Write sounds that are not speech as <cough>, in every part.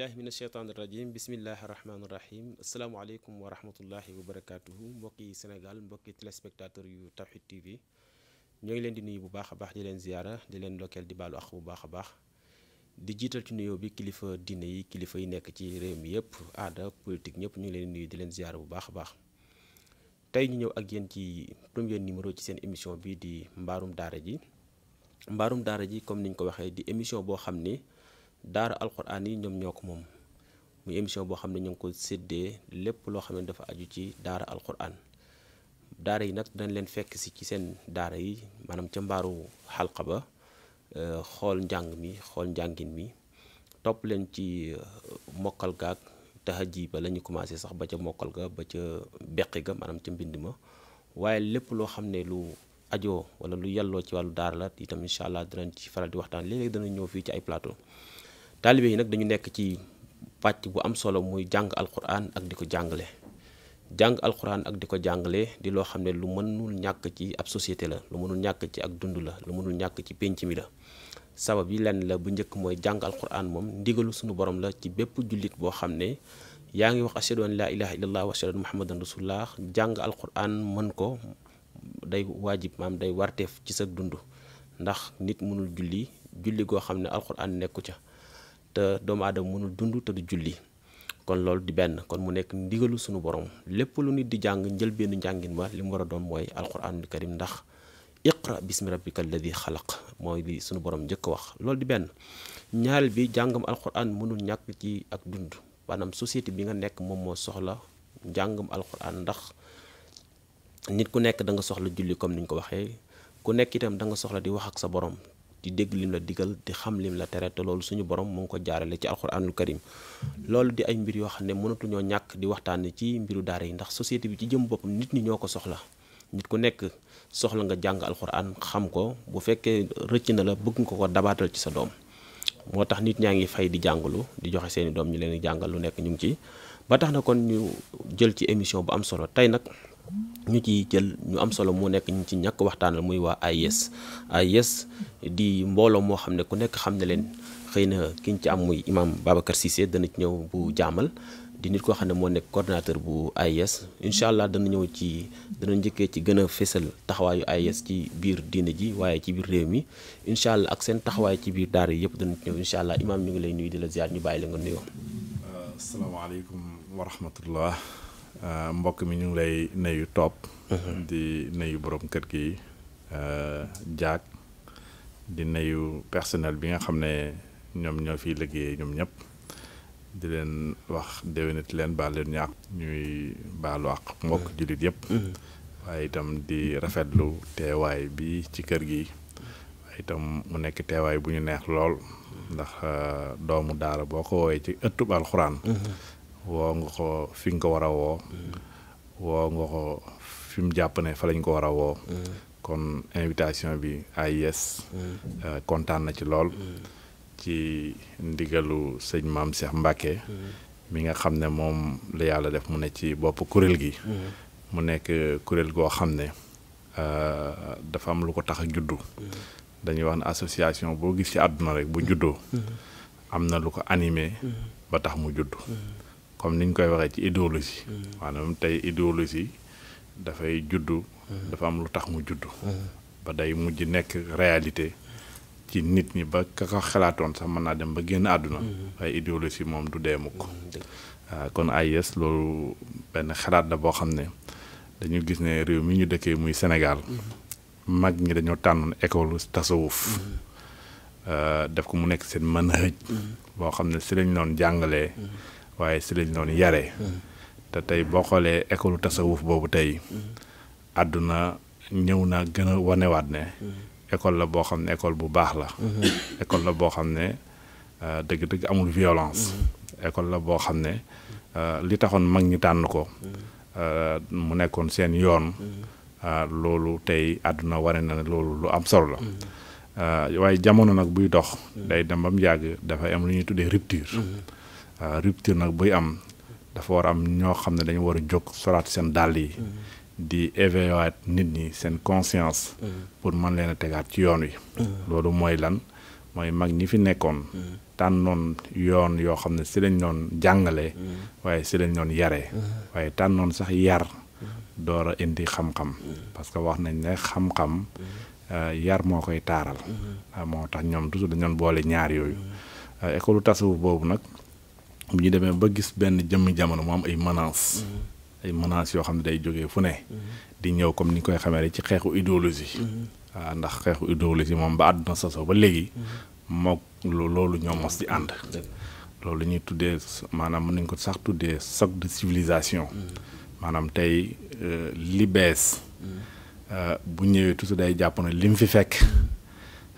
billahi min asheytaani rajim bismillahi rahmaani rahim asalaamaaleykum wa rahmatullahi wa barakatuhu mbokki sénégal mbokki téléspectateur yu Tawhid TV ñoo ngi leen di nuyu bu baax a baax di leen ziyaara di leen lokkeel di baalu ak bu baax a baax di jiital ci nuyoo bi kilifa diine yi kilifa yi nekk ci réew mi yëpp aada politique ñëpp ñu ngi leen di nuyu di leen ziyaara bu baax a baax tey ñu ñëw ak yéen ci premier numéro ci seen émission bi di mbaarum daara ji mbaarum daara ji comme niñ ko waxee di émission boo xam ni daara alxuraan yi ñoom ñoo ko moom muy émission boo xam ne ñu ngi ko seddee lépp loo xam ne dafa aju ci daara alxuraan daara yi nag dañ leen fekk si ci seen daara yi maanaam ca mbaaru xalqa ba euh, xool njàng mi xool njàngin mi topp leen ci euh, mokkal gaag taxaji ba la ñu commencé sax ba ca mokkal ga ba ca beqi ga maanaam ca mbind ma waaye lépp loo xam ne lu ajoo wala lu yelloo ci wàllu daara la itam incha allah dinañ ci faral di waxtaan léeg-léeg dana ñëw fii ci ay plateau taalibe yi nag dañu nekk ci pàcc bu am solo muy jàng alquran ak di ko jàngale jàng alquran ak di ko jàngale di loo xam ne lu mënul ñàkk ci ab société la lu mënul ñàkk ci ak dund la lu mënul ñàkk ci pénc mi la sabab yi lenn la bu njëkk mooy jàng alquran moom ndigalu sunu borom la ci bépp jullit boo xam ne yaa ngi wax ashhadu an laa ilaha illallah wa ashhadu anna muhammadan rasulullah jàng alquran mën ko day waajib maam day warteef ci sa dund ndax nit mënul julli julli goo xam ne alquran nekku ca te doomu aadama mënul dund te du julli kon loolu di benn kon mu nekk ndigalu suñu borom lépp lu nit di jàng njëlbéenu njàngin ma li mu war a doon mooy alquranul karim ndax iqra bismi rabbika di xalaq mooy li suñu borom njëkk wax loolu di benn ñaareel bi jàngam alquran mënul ñàkk ci ak dund maanaam société bi nga nekk moom moo soxla njàngam alquran ndax nit ku nekk danga soxla julli comme ni ñu ko waxee ku nekk itam da nga soxla di wax ak sa borom di dégg lim la diggal di xam lim la tere te loolu suñu borom mu ngi ko jaarale ci alxuraanul karim loolu di ay mbir yoo xam ne mënatuñoo ñàkk di waxtaan ci mbiru daara yi ndax société bi ci jëm boppam nit ñi ñoo ko soxla nit ku nekk soxla nga jàng alxuraan xam ko bu fekkee rëcc na la bëgg nga ko dabaatal ci sa doom moo tax nit ñaa ngi fay di jàngalu di joxe seeni doom ñu leen di jàngal lu nekk ñu ngi ci ba tax na kon ñu jël ci émission bu am solo tey nag ñu ci jël ñu am solo moo nekk ñu ci ñàkk waxtaanal muy waa AIS AIS di mbooloo moo xam ne ku nekk xam ne leen xëy na ki ñu ci am muy imaam Babacar Cissé dana ci ñëw bu jaamal di nit koo xam ne moo nekk coordinateur bu AIS incha allah dana ñëw ci dana njëkkee ci gën a fésal taxawaayu AIS ci biir diine ji waaye ci biir réew mi incha allah ak seen taxawaay ci biir daara yi yëpp dana ci ñëw incha allah imaam ñu ngi lay nuyu di la ziar ñu bàyyi la nga nuyoo. Euh, mbokk mi ñu ngi lay nuyu topp mhm. di nuyu borom kër gi jaag euh, di nuyu personnel bi nga xam ne ñoom ñoo fiy liggéeyee ñoom ñëpp di leen wax déwénati leen baal leen ñaax ñuy baalu àq mbokk mhm. jullit yépp mhm. waaye itam di rafetlu teewaay bi ci kër gi waaye itam mu nekk teewaay bu ñu neex lool ndax euh, doomu daara boo ko woowee ci ëttub alxuraan woo nga fi nga ko war a woo woo nga ko fi mu jàpp ne fa lañ ko war a woo kon invitation bi AIS euh, kontaan na ci lool ci ndigalu sëñ maam Cheikh Mbacke mi nga xam ne moom la yàlla def mu ne ci bopp kuréel gi mu nekk kuréel goo xam ne euh, dafa am lu ko tax a juddu dañuy wax ne association boo gis ci àdduna rek bu juddoo am na lu ko animé ba tax mu juddu comme niñ koy waxee ci idéologie mm. maanaam tey idéologie dafay juddu mm. dafa am lu tax mu juddu mm. ba day mujj nekk réalité ci nit ñi ba ka ko xalaatoon sax mën naa dem ba génn àdduna waaye idéologie moom du dee mukk ah, kon AIS loolu benn xalaat la boo xam ne dañu gis ne réew mi ñu dëkkee muy Sénégal mag ñi dañoo tànnoon école tasawuf ah, def ko mu nekk seen mën a hëj boo xam ne si lañ doon jàngalee waaye si lañ doon yare te tey boo xoolee école tasawuf boobu tey àdduna ñëw naa gën a wanewaat ne école la boo xam ne école bu baax la école boo xam ne euh, dëgg-dëgg amul violence école la boo xam ne euh, li taxoon mag ñu tànn ko euh, mu nekkoon seen yoon loolu tey àdduna ware na ne loolu lu am solo la waaye jamono nag buy dox day dem ba yàgg dafay am lu ñuy tuddee rupture waaw euh, rupture nag buy am dafa war am ñoo xam ne dañu war a jóg solaat seen dàll yi mm-hmm. di éveiller nit ñi seen conscience mm-hmm. pour mën leen a tegaat ci yoon wi mm-hmm. loolu mooy lan mooy mag ñi fi nekkoon tànnoon yoon yoo xam ne si lañ doon jàngale waaye si leen doon yaree waaye tànnoon sax yar door a indi xam-xam parce que wax nañ ne xam-xam euh, yar moo koy taaral euh, moo tax ñoom toujours dañu doon boole ñaar yooyu école tasawuf boobu nag bu ñu demee ba gis benn jëmm jamono mu am ay menaces. Mm-hmm. ay menaces yoo xam ne day jóge fu ne. Mm-hmm. di ñëw comme ni ñu koy xamee rek ci xeexu idéologie. Mm-hmm. waaw ndax xeexu idéologie moom ba àdduna sosoo ba léegi. mook loolu ñoo mos di ànd. loolu ñuy tuddee maanaam mën nañ ko sax tuddee choc de civilisation. maanaam tey euh, li bees. Euh, bu ñëwee toujours day jàpp li mu fi fekk.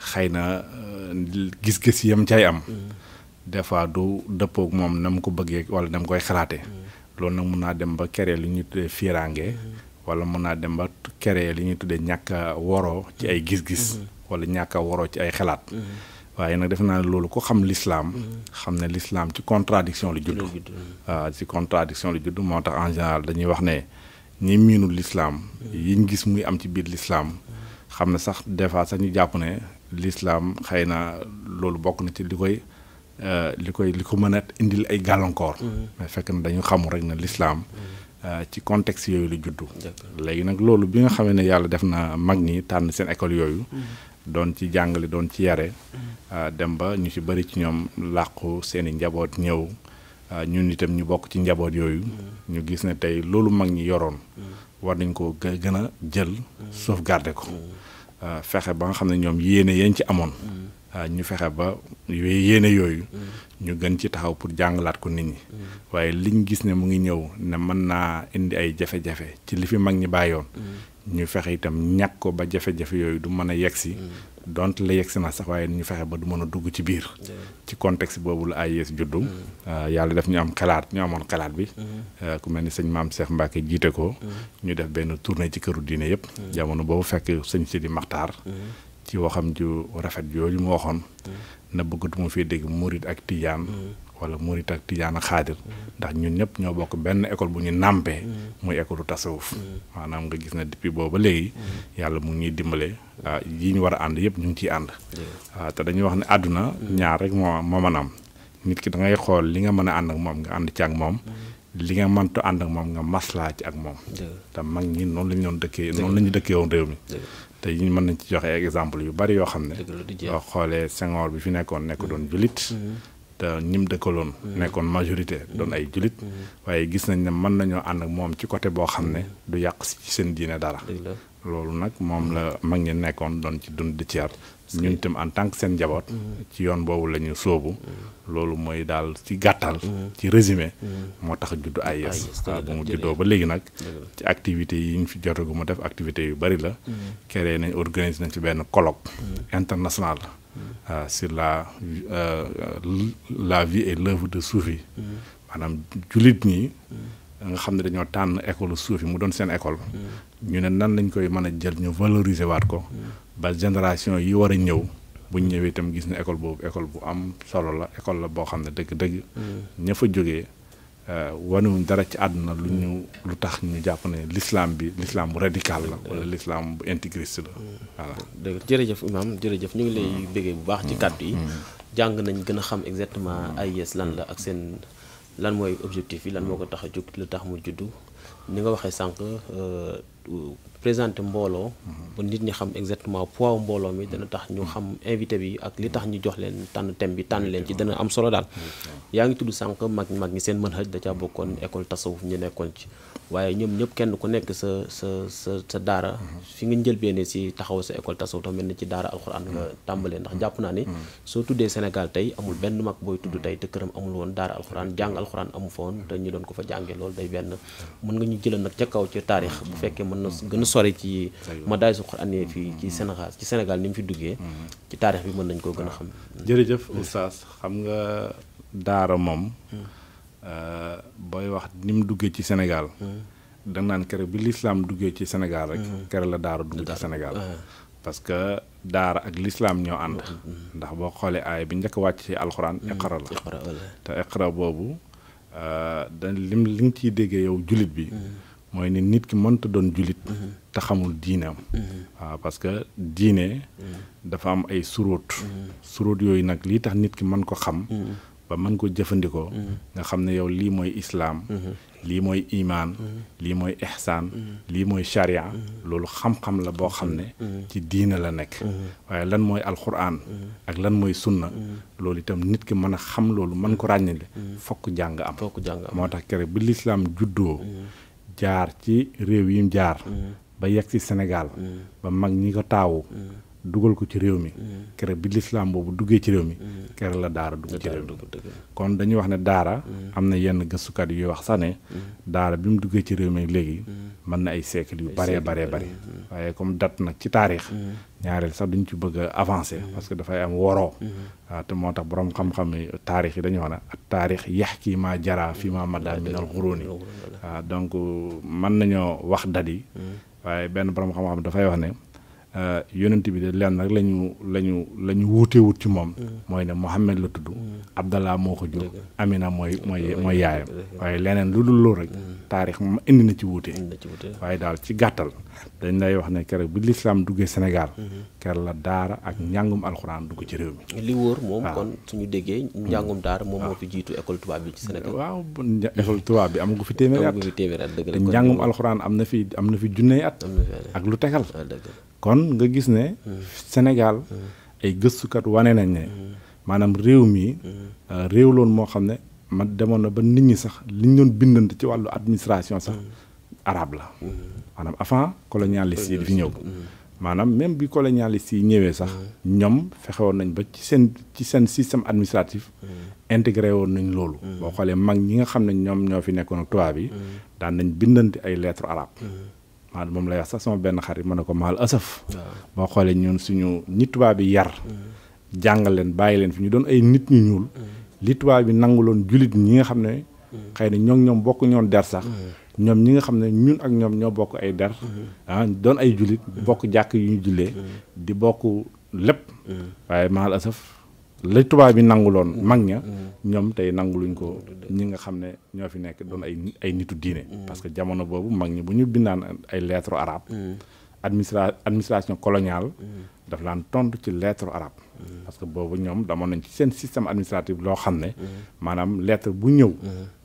xëy na euh, gis-gis yam cay am. des fois du dëppoo moom na mu ko bëggee wala na koy xalaatee. Mm. loolu nag mun naa dem ba kere li ñuy tuddee fiiraange. Mm. wala mun naa dem ba kere li ñuy tuddee ñàkk a ci ay mm. gis-gis. Mm-hmm. wala ñàkk a ci ay xalaat. Mm-hmm. waaye nag defe naa ne loolu ku xam lislaam mm-hmm. xam ne lislaam ci contradiction lu judd. waaw ci contradiction lu judd moo tax en général dañuy wax ne ñi miinu lislaam yiñ gis muy am ci biir lislaam xam ne sax des fois sax ñu jàpp ne lislaam xëy na loolu bokk na ci li koy. Euh, li koy li ko mën a indil ay gàllankoor. Mhm. mais fekk na dañu xamul rek ne lislaam mhm. euh, ci contexte yooyu la juddu. léegi nag loolu bi nga xamee ne yàlla def na mag ñi tànn seen école yooyu. Mhm. doon ci jàngale doon ci yare. Euh, dem ba ñu ci bëri ci ñoom làqu seen i njaboot ñëw ñun itam ñu bokk ci njaboot yooyu. ñu gis ne tey loolu mag ñi yoroon. war nañ ko gën a jël. sauvegarder ko. fexe ba nga xam ne ñoom yéene yañ ci amoon. Euh, ñu fexe ba yéene yooyu mm. ñu gën ci taxaw pour jàngalaat ko nit ñi mm. waaye liñ gis ne mu ngi ñëw ne mën naa indi ay jafe-jafe ci li fi mag ñi bàyyoon mm. ñu fexe itam ñàkk ko ba jafe-jafe yooyu du mën a yegsi donte la yegsi na sax waaye ñu fexe ba du mën a dugg ci biir ci contexte boobu la ay AIS juddu euh, yàlla def ñu am xalaat ñu amoon xalaat bi euh, ku mel ni sëñ maam Cheikh Mbacke jiite ko ñu def benn tournée ci këru diine yëpp jamono boobu fekk sëñ Sidi Maxtaar ci waxam ju rafet jooju mu waxoon mm. na bëggatuma fii dégg murit ak tijaan mm. wala murit ak tijaan ak xaadir mm. ndax ñun ñëpp ñoo bokk benn école bu ñu nàmpee muy école tasawuf maanaam nga gis na depuis booba léegi yàlla mu ngi dimbale ah, yi ñu war a ànd yëpp ñu ngi ciy ànd waaw ah, te dañuy wax ne àdduna ñaar rek moo moo mën a am nit ki dangay xool li nga mën a ànd ak moom nga ànd ci ak moom li nga mënta ànd ak moom nga maslaa ci ak moom te mag ñi noonu la ñu doon dëkkee noonu la ñu dëkkee woon réew mi te ñu mën nañ ci joxe exemple yu bari yoo xam ne boo xoolee Senghor bi fi nekkoon nekk doon mm. jullit mm. te ñim dëkkaloon mm. nekkoon majorité doon ay jullit waaye gis nañ ne mën nañoo ànd ak moom ci côté boo xam ne du yàq ci seen diine dara loolu nag moom la mm-hmm. mag ñi nekkoon doon ci dund di ci yar ñun itam en tant que seen njaboot mm-hmm. ci yoon boobu la ñu sóobu mm-hmm. loolu mooy daal ci gàttal ci résumé moo tax juddu AIS waaw bu mu juddoo ba léegi nag ci activités yi ñu fi jotaguma def activité yu bari la créé nañ organiser nañ ci benn colloque international euh, sur la euh, la vie et l'œuvre de Soufi maanaam jullit ñi nga xam ne dañoo tànn école Soufi mu doon seen école ñu ne nan lañ koy mën a jël ñu valoriser waat ko ba génération yi war a ñëw bu ñëwee itam gis ne école boobu école bu am solo la école la boo xam ne dëgg-dëgg. Mm. ña fa jógee euh, wanewuñ dara ci àdduna lu ñu mm. lu tax ñu jàpp ne l'islam bi l'islam bu radical la wala mm. l'islam bu intégriste la voilà. dëgg jërëjëf Imaam jërëjëf ñu ngi lay bëggee bu baax ci kàddu yi. jàng nañ gën a xam exactement AIS lan la ak seen lan mooy objectif yi lan moo ko tax a jóg lu tax mu juddu ni nga waxee sànq. Euh, présenter mbooloo. ba nit ñi xam exactement poids mbooloo mi dana tax ñu xam invité bi ak li tax ñu jox leen tànn thème bi tànn leen ci dana am solo daal. Mm-hmm. yaa ngi tudd sànq mag mag ñi seen mën xëj da caa bokkoon école tasawuf ñu nekkoon ci. waaye ñoom ñëpp kenn ku nekk sa sa sa sa daara mhm. fi nga njëlbeene si taxaw sa école tasawuf dafa mel na ci daara alxuraan nga mhm. tàmbalee ndax mhm. jàpp naa ne soo tuddee Sénégal tey amul benn mag booy tudd tey te këram amul woon daara alxuraan jàng alxuraan amu fa woon te ñu doon ko fa jàngee loolu day benn mën nga ñu jëlal nag ca kaw ca taarix bu fekkee mën na gën a sore ci madaay su xuraan yi fii ci Sénégal ci Sénégal ni mu fi duggee ci taarix bi mën nañ koo gën a xam jërëjëf oustaz xam nga daara moom Euh, booy wax ni mu duggee ci Sénégal. Hmm. da naan kere bi lislaam duggee ci Sénégal rek. Hmm. kere la daara dugg ci Sénégal. Hmm. parce que daara ak lislaam ñoo ànd. ndax boo xoolee aaya bi njëkk wàcc ci alxuraan. iqra la te iqra boobu euh, dañ lim li nga ciy déggee yow jullit bi. mooy ne nit ki mënta doon julit te xamul diinam waaw parce que diine. dafa am ay suróot. suróot yooyu nag lii tax nit ki mën ko xam. ba mën ko jëfandikoo mm-hmm. nga xam ne yow lii mooy islaam mm-hmm. lii mooy imaan mm-hmm. lii mooy ihsaan lii mooy sharia loolu xam-xam la boo xam ne ci diina la nekk waaye lan mooy alxuraan ak lan mooy sunna loolu itam nit ki mën a xam loolu mën ko ràññale fokk jàng am moo tax kere bi lislaam juddoo jaar ci réew yim jaar ba yegg ci Sénégal ba mag ñi ko taawu dugal ko ci réew mi mm-hmm. kere bi lislaam boobu duggee ci réew mi mm-hmm. kere la daara dugg ci réew mi kon dañuy wax ne daara mm-hmm. am na yenn gëstukat yuy wax sax ne daara bi mu duggee ci réew mi léegi mën na ay siècle yu baree baree bari waaye comme date nag ci taarix ñaareel sax duñ ci bëgg a avancer parce que dafay am woroo ah, te moo tax boroom xam-xam yi dañuy wax ne ak taarix yax kii maa jaraa fi maa madaa minal xuróoni waaw ah, donc mën nañoo wax dat waaye benn boroom xam-xam dafay wax ne Euh, yonent bi de lenn rek la ñu la ñu la ñu wuute wut ci moom. Mm. mooy ne Mouhamed la tudd. Mm. Abdallah moo ko jur. Amina mooy mooy mooy yaayam. waaye leneen lu dul lu rek. Mm. taarix moom indi na ci wuute. waaye daal ci gàttal dañ lay wax ne ker bi lislaam duggee Sénégal. Mm-hmm. keroog la daara ak njàngum alxuraan dugg ci réew mi. li wóor moom kon suñu déggee. njàngum daara moom moo fi jiitu école tubaab bi ci Sénégal. waaw école tubaab bi am nga fi téeméeri at. am nga fi alxuraan am na fi am na fi junne at. ak lu tegal ah, kon nga gis ne Sénégal ay gëstukat wane nañ ne maanaam réew mi euh, réew loon moo xam ne man demoon na ba nit ñi sax li ñu doon bindante ci wàllu administration sax arabe la maanaam avant colonialiste yi fi ñëw maanaam même bi colonialiste yi ñëwee sax ñoom fexewoon nañ ba ci seen ci seen système administratif intégré woon nañ loolu boo xoolee mag ñi nga xam ne ñoom ñoo fi nekkoon ak tubaab yi daan nañ bindante ay lettres arabes maanaam moom lay wax sax sama benn xarit ma ne ko maal asaf. boo xoolee ñun suñu ñi tubaab bi yar. Mm. jàngal leen bàyyi leen fi ñu doon ay nit ñu ñuul. Mm. li tubaab bi loon jullit ñi nga xam ne. Mm. xëy na ñoo ñoom bokk ñoon der sax. ñoom ñi nga xam ne ñun ak ñoom ñoo bokk ay der. ah doon ay jullit bokk jàkk yu ñu jullee. di bokk lépp. waaye maal asaf. la tubaab bi loon mm. mag ña mm. ñoom tey nangu luñ ko ñi nga xam ne ñoo fi nekk doon ay ay nitu diine mm. parce que jamono boobu mag ñi bu ñu bindaan ay lettre arabe administra administration coloniale daf laan tontu ci lettre arabe parce que boobu ñoom damoon nañ ci seen système administratif loo xam ne maanaam lettre bu ñëw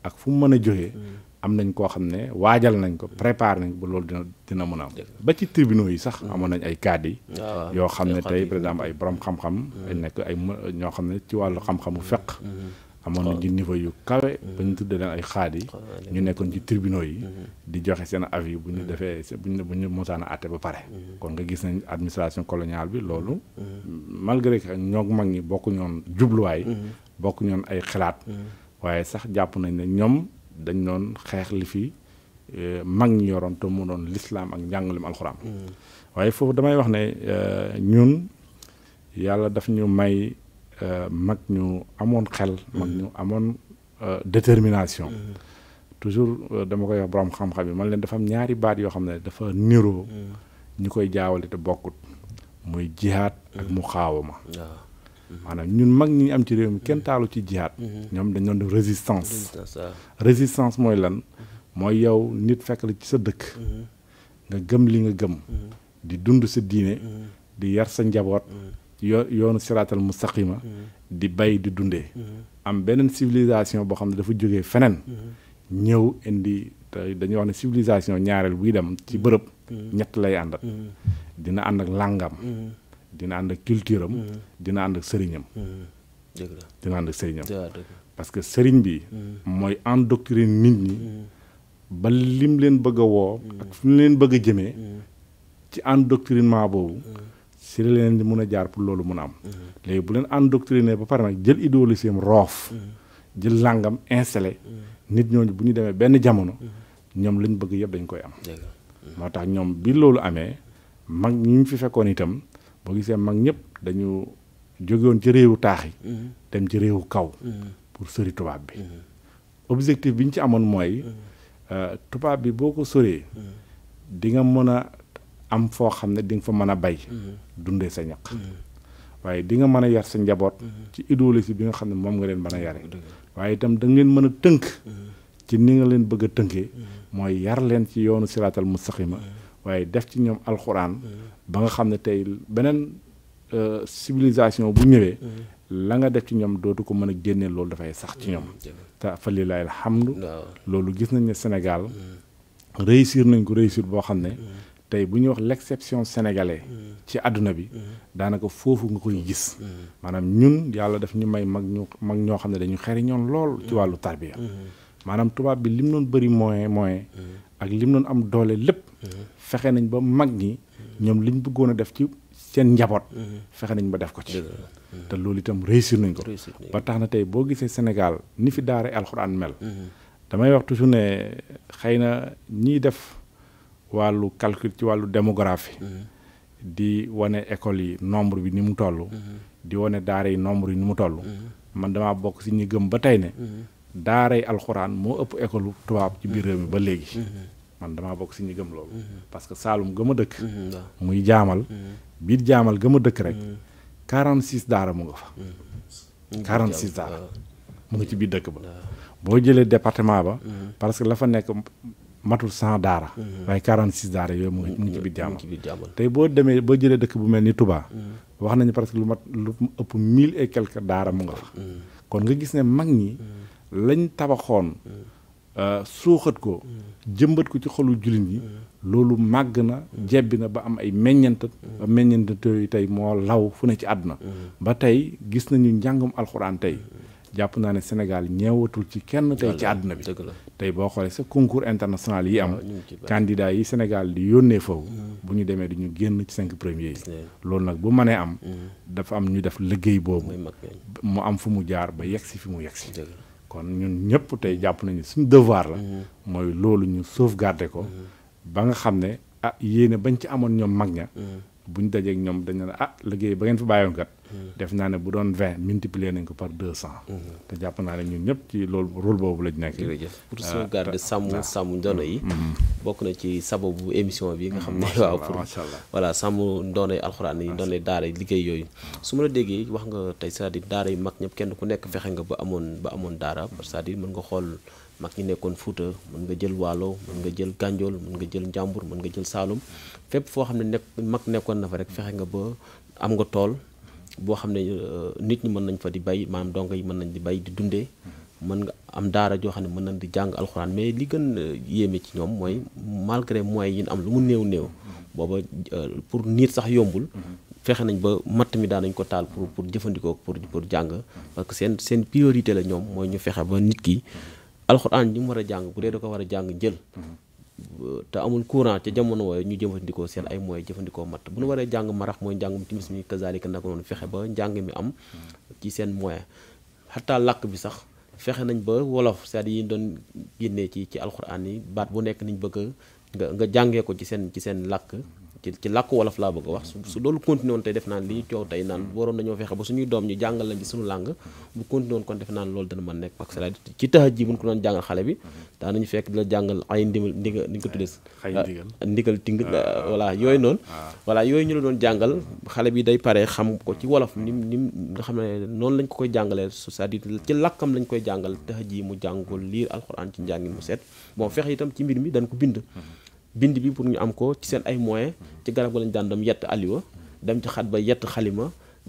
ak fu mu mën a jógee am nañ koo xam ne waajal nañ ko préparé nañ ko ba loolu dina dina mën a am ba ci tribunaux yi sax amoon nañ ay cadres yi ah, yoo xam ne tey par exemple ay borom xam-xam ay hmm. nekk ay ñoo xam ne ci wàllu xam-xamu hmm. feq hmm. amoon nañ ci niveau yu kawe ba ñu tuddee leen ay xaad yi ñu nekkoon ci tribunaux yi di joxe seen avis bu ñu defee bu ñu bu ñu mosaan a àtte ba pare kon nga gis nañ administration coloniale bi loolu malgré que ñoo mag ñi bokku ñoon jubluwaay bokku ñoon ay xalaat waaye sax jàpp nañ ne ñoom dañ noon xeex li fi eh, mag ñu yoroon te mu doon lislaam ak njàngalem alxuraan. Mm. waaye foofu damay wax ne eh, ñun yàlla daf ñu may eh, mag ñu amoon xel. mag mm. ñu amoon détermination. Mm. toujours dama koy wax borom xam-xam yi man leen dafa am ñaari baat yoo xam ne dafa niroo. ñu koy jaawale te bokkut muy jihaat ak mu xaawama maanaa ñun mag ñi am ci réew mi kenn taalu ci jihaat mhm. ñoom dañ doon def résistance résistance mooy lan mooy yow nit fekk la ci sa dëkk mhm. nga gëm li nga gëm mhm. di dund sa diine di yar sa njaboot yo yoonu siraatal mustaqima di bay di dundee am beneen civilisation boo xam ne dafa jógee feneen ñëw indi te dañuy wax ne civilisation ñaareel buy dem ci bërëb ñett lay àndal dina ànd ak làngam dina ànd ak culture am. Hmm. Hmm. dina ànd ak sëriñam. dëgg la dina ànd parce que sëriñ bi. Hmm. mooy endoctriner nit ñi. ba lim leen bëgg a woo. ak fi mu leen bëgg a jëmee. ci endoctrinement boobu. si la leen di mën a jaar pour loolu mun a am. léegi bu leen endoctriner ba pare nag jël idéologie am roof. jël làngam installé. nit ñooñu bu ñu demee benn jamono. ñoom lañ bëgg yëpp dañ koy am. moo tax ñoom bi loolu amee mag ñi ñu fi fekkoon itam. boo gisee mag ñëpp dañu jógewoon ci réewu taax yi mm-hmm. dem ci réewu kaw mm-hmm. pour sori tubaab bi mm-hmm. objectif bi ñu ci amoon mooy euh, tubaab bi boo ko soree di nga mën a am foo xam ne di nga fa mën a bay dundee sa ñaq waaye di nga mën a yar sa njaboot ci idéologie bi nga xam ne moom nga leen mën a yare waaye itam da leen mën a tënk ci ni nga leen bëgg a tënkee mooy yar leen ci yoonu siraatal mustaqima waaye def ci ñoom alxuraan ba nga xam ne tey beneen sibilisation euh, bu ñëwee. Mhm. la nga def ci ñoom dootu ko mën a génnee loolu dafay sax ci ñoom. Mhm. te fa lilaay alhamdu loolu gis nañ ne Sénégal mhm. réussir nañ ko réussir boo xam ne. tey bu ñuy wax l'exception sénégalais ci àdduna bi daanaka foofu nga koy gis maanaam ñun yàlla daf ñu may mag ñu mag ñoo xam ne dañu xeriñoon lool ci wàllu tarbiya maanaam tubaab bi lim noon bëri moyen moyen ak lim noon am doole lépp fexe nañ ba mag ñi ñoom liñ bëggoon a def ci seen njaboot. Mm-hmm. fexe nañ ba def ko ci. Mm-hmm. te loolu itam réussir nañ ko. ba tax na tey boo gisee Sénégal ni fi daara alxuraan mel. Mm-hmm. damay wax toujours ne xëy na ñiy def wàllu calcul ci wàllu démographie. di wane école yi nombre bi ni mu toll. di wane daara yi nombre yi ni mu toll. man damaa bokk si ñi gëm ba tey ne. daaray alxuraan moo ëpp école tubaab ci biir réew mi ba léegi. man damaa bokk si ñu gëm loolu. Mm-hmm. parce que Saalum gëm a dëkk. Mm-hmm, muy jaamal. Mm-hmm. biir jaamal gëm a dëkk rek. quarante 46 daara mu nga fa. 46 daara mu ngi ci biir dëkk ba. boo jëlee département ba. parce que la fa nekk matul 100 daara. waaye 46 daara yooyu mu ngi ci biir jaamal. tey boo demee boo jëlee dëkk bu mel ni Touba. wax nañu parce que lu mat lu ëpp 1000 et quelques daara mu nga fa. kon nga gis ne mag ñi lañ tabaxoon. suuxat ko jëmbat ko ci xolu jullit yi loolu màgg na jebbi na ba am ay meññeentat ba meññeentat tey moo law fu ne ci àdduna ba tey gis nañu njàngum alxuraan tey jàpp naa ne Sénégal ñeewatul ci kenn tey ci àdduna bi tey boo xoolee sa concours international yi am candidat yi Sénégal di yónnee foofu mm. bu ñu demee di ñu génn ci cinq premiers yi loolu nag bu mënee am mm. dafa am ñu def liggéey boobu mu am fu mu jaar ba yegsi fi mu yegsi kon ñun ñëpp tey jàpp nañu suñu devoir la mm-hmm. mooy loolu ñu sauvegarder ko mm-hmm. ba nga xam ne ah yéene bañ ci amoon ñoom mag ña mm-hmm. bu ñu dajeeg ñoom dañu ne ah liggéey ba ngeen fi bàyyoon kat. Hmm. def naa ne bu doon vingt multiplier nañ ko par deux cent. Hmm. te jàpp naa ne ñun ñëpp ci loolu rôle boobu la nekk. jërëjëf euh, pour sauvegarde sàmm sàmm ndono yi. Hmm. bokk na ci sababu émission bi nga xam ne. <laughs> waaw pour voilà sàmm ndono yi alxuraan yi ndono daara liggéey yooyu. su ma la déggee wax nga tey c'est-à-dire daara yu mag ñëpp kenn ku nekk fexe nga ba amoon ba amoon daara c'est-à-dire mën nga xool. mag ñi nekkoon Fuuta mën nga jël Waalo mën nga jël Gànjool mën nga jël Njàmbur mën nga jël Saalum fépp foo xam ne nekk mag nekkoon na fa rek fexe nga ba am nga tool boo xam ne euh, nit ñi mën nañ fa di bay maanaam dongo yi mën nañ di bay di dundee mën nga am daara joo xam ne mën nañ di jàng alxuraan mais li gën euh, yéeme ci ñoom mooy malgré moyens yi ñu am lu mu néew néew booba euh, pour nit sax yombul fexe nañ ba matt mi daan nañ ko taal pour pour jëfandikoo pour pour jàng parce que seen seen priorité la ñoom mooy ñu fexe ba nit ki alxuraan ñi mu war a jàng bu dee da ko war a jàng jël te amul courant ca jamono wooyu ñu jëfandikoo seen ay moyens jëfandikoo matt bu ñu waree jàng marax mooy njàngum timis mi kazalika naka noonu fexe ba njàng mi am ci seen moyen xataa làkk bi sax fexe nañ ba wolof cest yi doon génnee ci ci alxuraan yi baat bu nekk niñ bëgg nga nga jàngee ko ci seen ci seen làkk ci ci làkk wolof laa bëgg a wax su loolu continué woon tey def naan lii coow tey naan waroon nañoo fexe ba suñuy doom ñu jàngal lañ ci suñu làng bu continué woon kon def naan loolu dana ko doon jàngal xale bi mhm. daanañu fekk di la jàngal ay ndimal ndigal ni nga ko tuddee euh, ndigal ting ah, euh, voilà yooyu ah, noonu ah. voilà yooyu ñu la doon jàngal xale bi day pare xam ko ci wolof nim nim nga xam ne noonu lañ ko koy jàngalee c'est-à-dire ci làkkam lañ koy jàngal taxa ji mu jàngul lii alxuraan ci njàngin mu seet bon fexe itam ci mbir mi dañ ko bind mhm. bind bi pour ñu am ko ci seen ay moyens ci garab ga lañ daan dem yett aliwa dem ci xat ba yett xalima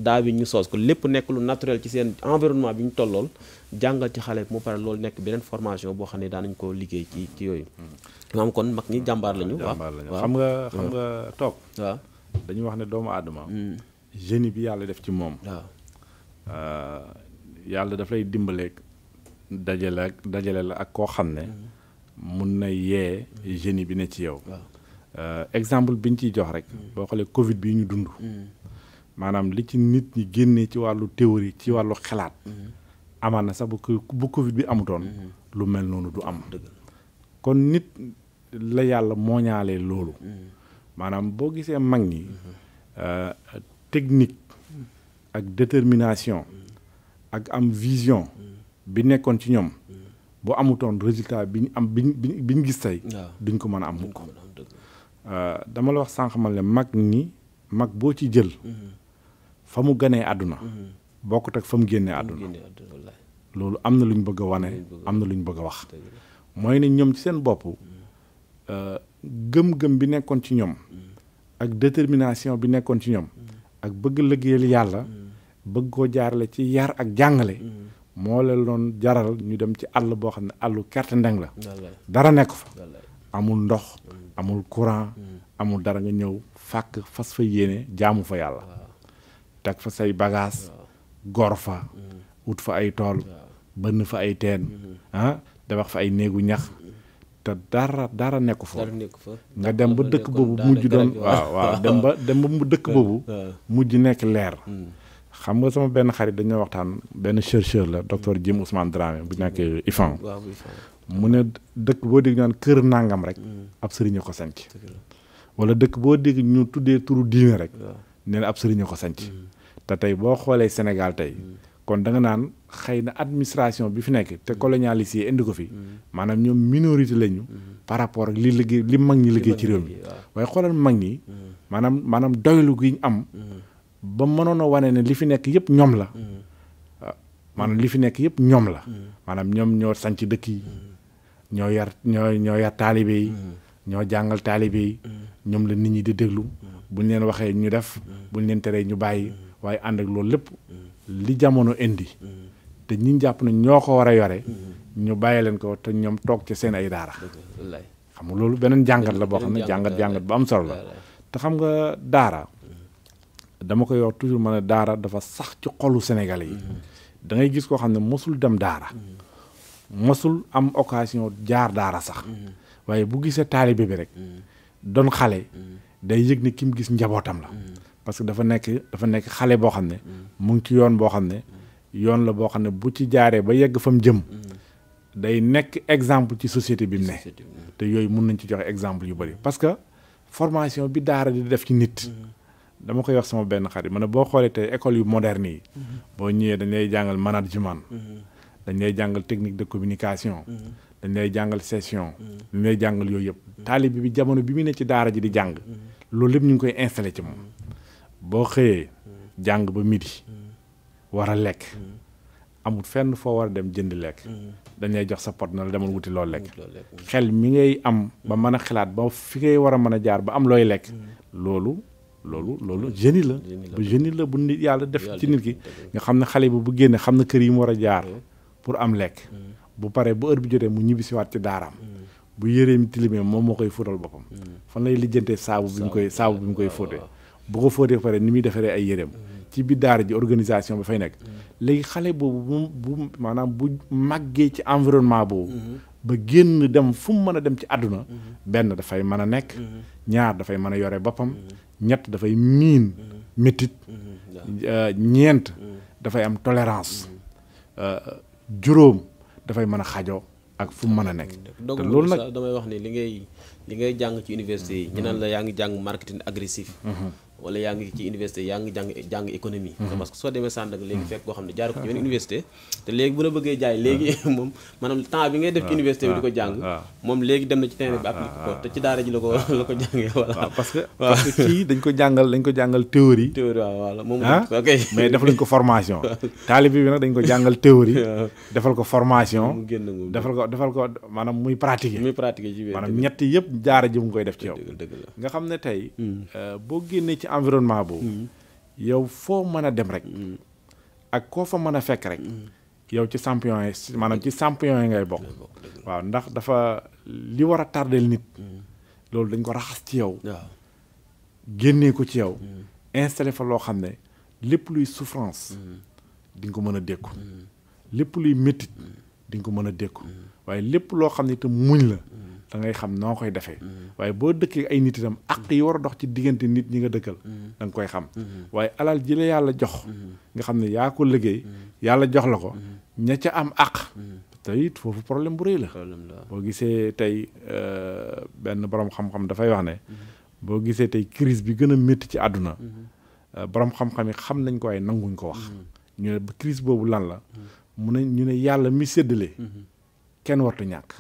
daa bi ñu soos ko lépp nekk lu naturel ci seen environnement bi ñu tollool jàngal ci xale mu pare loolu nekk beneen formation boo xam ne daanañ ko liggéey ci ci yooyu hmm. maam kon mag ñi jàmbaar lañu jàmbaar lañu xam nga xam nga toog waaw dañuy wax ne doomu aadama hmm. génie bi yàlla def ci moom euh, yàlla daf lay dimbaleeg dajale dajale la ak koo xam ne hmm. mun na yee mm. génie bi ne ci yow. Euh, exemple bi ñu ciy jox rek. Mm. boo xoolee Covid bi ñu dund. Mm. maanaam li ci nit ñi génnee ci wàllu théorie ci wàllu xalaat. amaan na sax bu bu Covid bi amutoon. Mm-hmm. lu mel noonu du am. kon nit la yàlla mooñaalee loolu. maanaam boo gisee mag ñi. Mm-hmm. Euh, technique. ak détermination. ak am vision. bi nekkoon ci ñoom. boo amutoon résultat bi ñu am bi ñu bi ñu gis tey. duñ ko mën a am mukk euh, dama la wax sànq man le mag ni mag boo ci jël. Mhm. fa mu ganee àdduna. Mhm. bokkut ak fa mu génnee àdduna. loolu am na lu ñu bëgg a wane am na lu ñu bëgg a wax. mooy ne ñoom ci seen bopp mhm. euh, gëm-gëm bi nekkoon ci ñoom. ak détermination bi nekkoon ci ñoom. ak bëgg liggéeyal yàlla. bëgg koo jaarale ci yar ak jàngale. moo leen doon jaral ñu dem ci àll boo xam ne àllu kerte ndeng la dara nekk fa amul ndox mm. amul courant mm. amul dara nga ñëw fàkk fas fa yéene jaamu fa yàlla teg fa say bagaas gor fa wut mm. fa ay tool bënn fa ay teen mm-hmm. ah fa ay néegu ñax mm-hmm. te dara dara nekku fa nga dem ba dëkk boobu mujj doon waaw waaw dem ba dem ba dëkk <laughs> boobu mujj nekk leer xam nga sama benn xarit dañu waxtaan benn chercheur la docteur Jim Ousmane Dramé bu nekk IFAN mu ne dëkk boo dégg naan kër rek mm. ab sëriñ ko sanc wala dëkk boo dégg ñu tuddee turu diine rek nee na ab sëriñ ko sanc mm. te tey boo xoolee Sénégal tey mm. kon da nga naan xëy na administration bi fi nekk te colonialiste yi indi ko fi maanaam ñoom minorité lañu par rapport ak li liggéey li mag ñi liggéey ci réew mi waaye xoolal mag ñi maanaam maanaam doylu gi ñu am ba mënoon a wane ne li fi nekk yëpp ñoom la mm. ah, maanaam li fi nekk yëpp ñoom la mm. maanaam ñoom ñoo sanc dëkk yi mm. ñoo yar ñoo ñoo yar taalibe yi ñoo jàngal taalibe yi ñoom la nit ñi di déglu buñ leen waxee ñu def buñ leen teree ñu bàyyi waaye ànd ak loolu lépp li jamono indi te ñi jàpp na ñoo ko war a yore ñu bàyyi leen ko te ñoom toog ci seen ay daara xam nga loolu beneen jàngat la boo xam ne jàngat jàngat bu am solo la te xam nga daara dama koy wax toujours ma ne daara dafa sax ci xolu Sénégalais yi mm-hmm. da ngay gis koo xam ne mosul dem daara mm-hmm. mosul am occasion jaar daara sax mm-hmm. waaye bu gisee taalibe bi rek doon xale day yëg ne ki mu gis njabootam la parce que dafa nekk dafa nekk xale boo xam ne mu ngi ci yoon boo xam ne yoon la boo xam ne bu ci jaaree ba yegg fa mu jëm day nekk exemple ci société bi mu ne te yooyu mun nañ ci joxe exemple yu bari parce que formation bi daara di def ci nit dama koy wax sama benn xarit ma ne boo xoolee tey école yu moderne yi. boo ñëwee dañ lay jàngal management. dañ lay jàngal technique de communication. dañ lay jàngal session. dañ lay jàngal yooyu yëpp. taalib bi jamono bi mu ne ci daara ji di jàng. loolu lépp ñu ngi koy installé ci moom. boo xëyee jàng ba midi. war a lekk. amul fenn foo war a dem jënd lekk. dañ lay jox sa pot na la demal wuti loo lekk. xel mi ngay am. ba mën a xalaat ba fi ngay war a mën a jaar ba am looy lekk. loolu. loolu loolu génie la bu génie la bu nit yàlla def ci nit ki nga xam ne xale bi bu génne xam na kër yi mu war a jaar mm. pour am lekk mm. bu paree bu heure bi jotee mu ñibbisi waat ci daaraam mm. bu yéree mi tilimee moom moo koy fóotal boppam fan lay lijjantee saabu bi mu koy saabu bi mu koy fóotee bu ko fóotee pare ni muy defaree ay yéreem ci biir daara ji organisation ba fay nekk léegi xale boobu bu bu maanaam bu maggee ci environnement boobu mm-hmm. ba génn dem fu mu mën a dem ci àdduna mm-hmm. benn dafay mën a nekk mm-hmm. ñaar dafay mën a yore boppam ñett dafay miin métit mm-hmm. euh, ñeent mm-hmm. dafay am tolérance euh, juróom dafay mën a xajo ak fu mu mën a nekk mm-hmm. te loolu nag damay wax ni li ngay li ngay jàng ci université yi ñeneen la yaa ngi jàng marketing agressif wala yaa ngi ci université yaa ngi jàng jàng économie mhm. parce que soo demee Sandaga léegi mhm. fekk koo ko ci benn <laughs> la bëggee jaay léegi <laughs> <laughs> moom def la ko ah. la ko jàngee voilà ah, parce dañ ko jàngal dañ ko jàngal théorie théorie waaw voilà moom ah? ok mais defal ko formation ko jàngal théorie muy pratiquer muy pratiquer ci maanaam yëpp jaara koy def ci yow xam ne tey hmm. euh, boo génnee ci ci environnement boobu. Mm-hmm. yow foo mën a dem rek. Mm-hmm. ak koo fa mën a fekk rek. Mm-hmm. yow ci champion yi maanaam ci champion yi ngay bokk. waaw ndax dafa li war a tardeel nit. loolu dañ ko raxas ci yow. génnee ko ci yow. installé fa loo xam ne lépp luy souffrance. di ko mën a dékku. lépp luy métit di ko mën a dékku. waaye lépp loo xam ne te muñ la. da ngay xam noo koy defee mm-hmm. waaye boo dëkkee ay nit itam ak yi war a dox ci diggante nit ñi nga dëkkal mm-hmm. danga koy xam mm-hmm. waaye alal ji la yàlla jox nga xam ne yaa ko liggéey yàlla jox la ko ña ca am àq tey it foofu problème bu rëy la boo gisee tey euh, benn borom xam-xam dafay wax ne boo gisee tey crise bi gën a métti ci àdduna euh, borom xam-xam yi xam nañ ko waaye nanguñ ko wax ñu ne crise boobu lan la mu ne ñu ne yàlla mi séddale kenn wartu ñàkk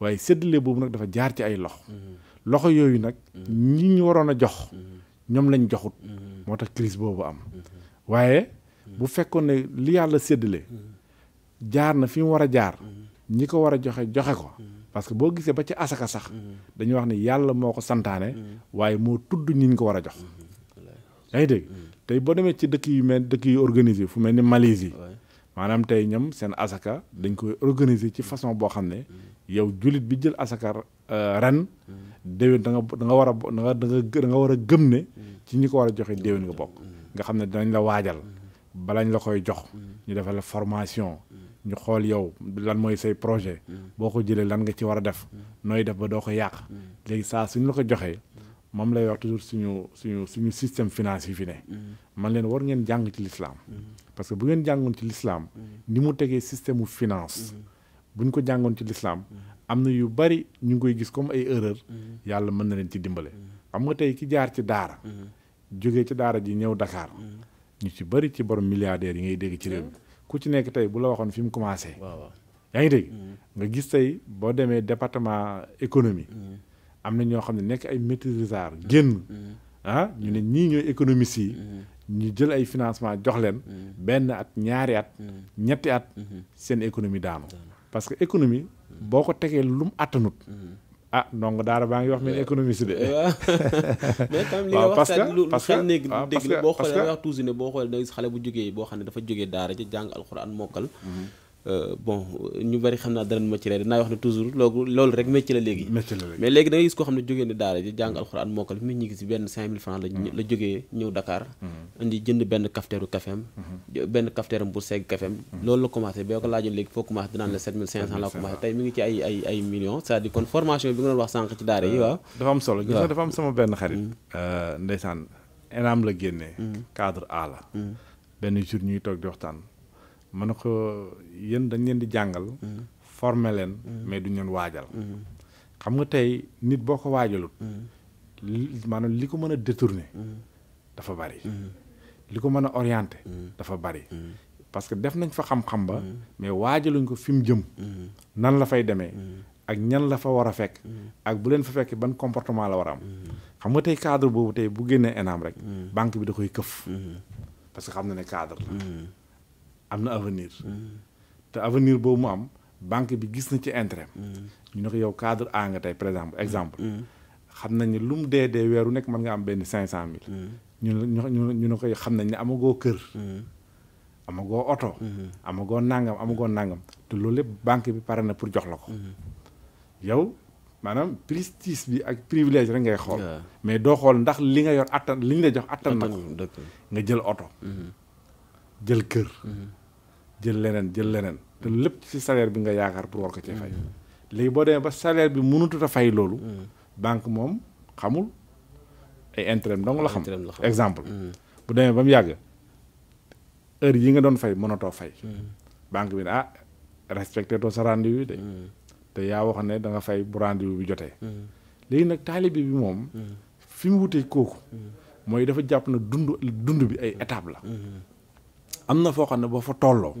waaye séddale boobu nag dafa jaar ci ay loxo mm-hmm. loxo yooyu nag mm-hmm. ñi ñu waroon a jox mm-hmm. ñoom lañ joxut moo tax crise boobu am waaye bu fekkoon ne li yàlla séddale jaar na fi mu war a jaar ñi ko war a joxe joxe ko parce que boo gisee ba ci asaka sax dañuy wax ne yàlla moo ko santaane waaye moo tudd ñi ñu ko war a jox yaa dégg tey boo demee ci dëkk yu mel dëkk yu organisé fu mel ni Malaisie maanaam tey ñoom seen asaka dañ koy organiser ci façon boo xam ne yow jullit bi jël asaka euh, ren déwén da nga da nga war a danga da nga war a gëm ne ci ñi ko war a joxe déwén nga bokk nga xam ne dinañ la waajal balaañ la koy jox ñu defal formation ñu xool yow lan mooy say projet boo ko jëlee lan nga ci war a def nooy def ba doo ko yàq léegi saa suñ la ko joxee moom lay wax toujours suñu suñu suñu système financier fi ne man leen war ngeen jàng ci lislaam parce que bu ngeen jàngoon ci lislaam ni mu tegee système finance buñ ko jàngoon ci lislaam am na yu bari ñu ngi koy gis comme ay erreur mm-hmm. yàlla mën na leen ci dimbale mm-hmm. xam nga tey ki jaar ci daara mm-hmm. jógee ci daara ji ñëw dakaar ñu ci bari ci borom milliardaires yi ngay dégg ci réew ku ci nekk tey bu la waxoon fi mu commencé yaa ngi dégg nga gis tey boo demee département économie am na ñoo xam ne nekk ay maîtrisards génn ah ñu ne ñii ñooy économistes yi ñu jël ay financement jox leen benn at ñaari at ñetti at seen économie daanu parce que économie boo ko tegee lu mu attanut. Mm-hmm. ah ndongo daara baa ngi wax mel économie si de. waaw <laughs> mais quand même li nga wax sax lu xel dégg la boo xoolee wax toujours ne boo xoolee da xale bu jógee boo xam ne dafa jógee daara ci jàng alxuraan mokkal. Mm-hmm. Euh, bon ñu bari xam naa dara ma ci wax ne toujours loolu loolu rek métier la léegi mais léegi da ngay gis koo xam ne jógee ne daara ji jàng alxuraan moo ko mi ñu gis benn cinq mille francs la mm. la ñëw Dakar mm. indi jënd benn kafteeru kafeem mm-hmm. benn kafteeram bu segg kafeem loolu la commencé boo ko laajoon léegi foo commencé dinaan la mm. sept mille cinq cent la commencé tey mi ngi ci ay ay ay millions cest kon formation bi nga doon wax sànq ci daara yi euh, waaw dafa am solo gis nga dafa sama benn xarit euh, ndeysaan enam la génnee cadre A la benn jour ñuy toog di waxtaan ma a ko yéen dañ leen di jàngal mm-hmm. former leen mm-hmm. mais duñ leen waajal mm-hmm. xam nga tey nit boo ko waajalut maanaam li ko mën a détourner dafa bari li ko mën a orienter dafa bari parce que def nañ fa xam-xam ba mais waajaluñ ko fi mu jëm nan la fay demee ak ñan la fa war a fekk ak bu leen fa fekk ban comportement la war a am xam nga tey cadre boobu tey bu génnee ENAM rek banque bi da koy këf parce que xam na ne cadre la am na avenir. Mm. te avenir boobu mu am banque bi gis na ci intérêt. Mm. ñu ne ko yow cadre A nga tey par exemple exemple. Mm. xam nañ ne lu mu dee dee weeru nekk mën nga am benn cinq cent mille. ñu ne ñu ne ko xam nañ ne amagoo kër. amagoo oto. amagoo nangam amagoo nangam te loolu lépp banque bi pare na pour jox la ko. yow maanaam prestige bi ak privilège rek ngay xool. mais doo xool ndax li nga yor attan li ñu la jox attan na ko. nga jël oto. Mm-hmm. jël kër. Mm-hmm. jël leneen jël leneen te mm. lépp ci salaire bi nga yaakaar pour war ko cee fay mm. léegi boo demee ba salaire bi mënutut a fay loolu mm. banque moom xamul ay intérêt dong la xam exemple bu demee ba mu yàgg heure yi nga doon fay mënatoo fay banque bi ne ah respecté too sa rendez-vous de te yaa wax ne da nga fay bu rendez bi jotee léegi nag taalibe bi moom fi mu wutee kooku mooy dafa jàpp na dund dund bi ay étape la am na foo xam ne boo fa tolloo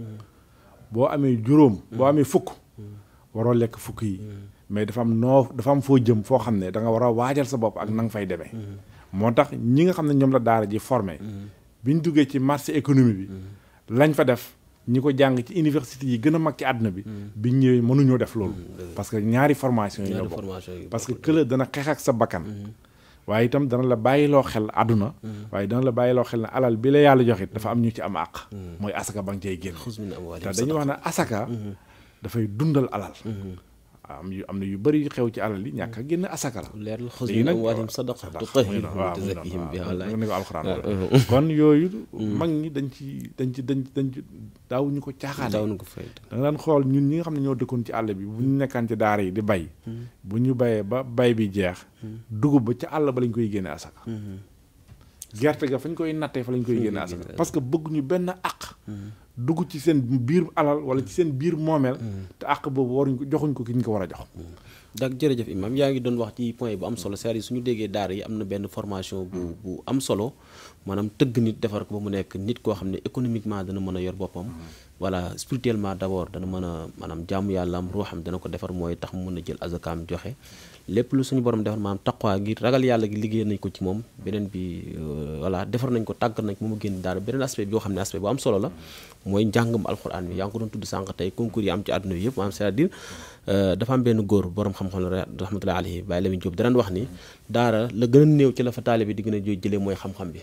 boo amee juróom boo amee fukk waroo lekk fukk yi mais dafa am noo dafa am foo jëm foo xam ne da nga war a waajal sa bopp ak na nga fay demee moo tax ñi nga xam ne ñoom la daara ji bi ñu duggee ci marché économie bi lañ fa def ñi ko jàng ci université yi gën a mag ci àdduna bi biñ ñëwee mënuñoo def loolu parce que ñaari formation yi ñoo bokk parce que këla dana xeex ak sa bakkan waaye itam dana la bàyyiloo xel àdduna hmm. waaye dana la bàyyiloo xel ne alal bi la yàlla joxit dafa am ñu ci am àq hmm. mooy asaka ba nga cey génn te dañuy wax ne asaka hmm. dafay dundal alal am yu am na yu bëri yu xew ci alal yi ñàkk a génn asaka la léegi nag waaw sadaqa tutahhiruhum bihaa ne ko alxuraan ah, ah, ah. kon mm. ci dañ ci dañ dañ ci daaw ñu ko caaxaan daaw ñu ko fay da nga daan xool ñun ñi nga xam ne ñoo dëkkoon ci àll bi bu ñu nekkaan ci daara yi di bay mm. bu ñu bayee ba bay bi jeex mm. dugub ba ca àll ba lañ koy génne asaka mm-hmm. gerte ga fañ koy nattee fa lañ koy génne asaka parce que bëgg benn àq mm. dugg ci seen biir alal wala ci seen biir moomeel mm. te àq boobu waruñ ko joxuñ ko ki ñu ko war a jox mm. dak jërëjëf imam yaa ngi doon wax ci point bu am solo cest suñu déggee daar yi am na benn formation bu bu am solo maanaam tëgg nit defar ko ba mu nekk nit koo xam ne économiquement dana mën a yor boppam voilà spirituellement d'abord dana mën a maanaam jaamu yàlla am ruuxam dana ko defar mooy tax mu mën a jël azakaam joxe lépp lu suñu borom defar maanaam taqwa ngi ragal yàlla gi liggéey nañ ko ci moom beneen bi euh, voilà defar nañ ko tàggat nañ ko mu génn daal beneen aspect bi yoo xam ne aspect bu am solo la mooy njàngam alxuraan bi yaa ngi ko doon tudd sànq tey concours yi am ci àdduna bi yëpp maanaam c'est-à-dire euh, dafa am benn góor borom xam-xam la rahmatullahi alayhi Baye Lamine Diop wax ni daara la gën a néew ci la fa taalibe di gën a jëlee mooy xam-xam bi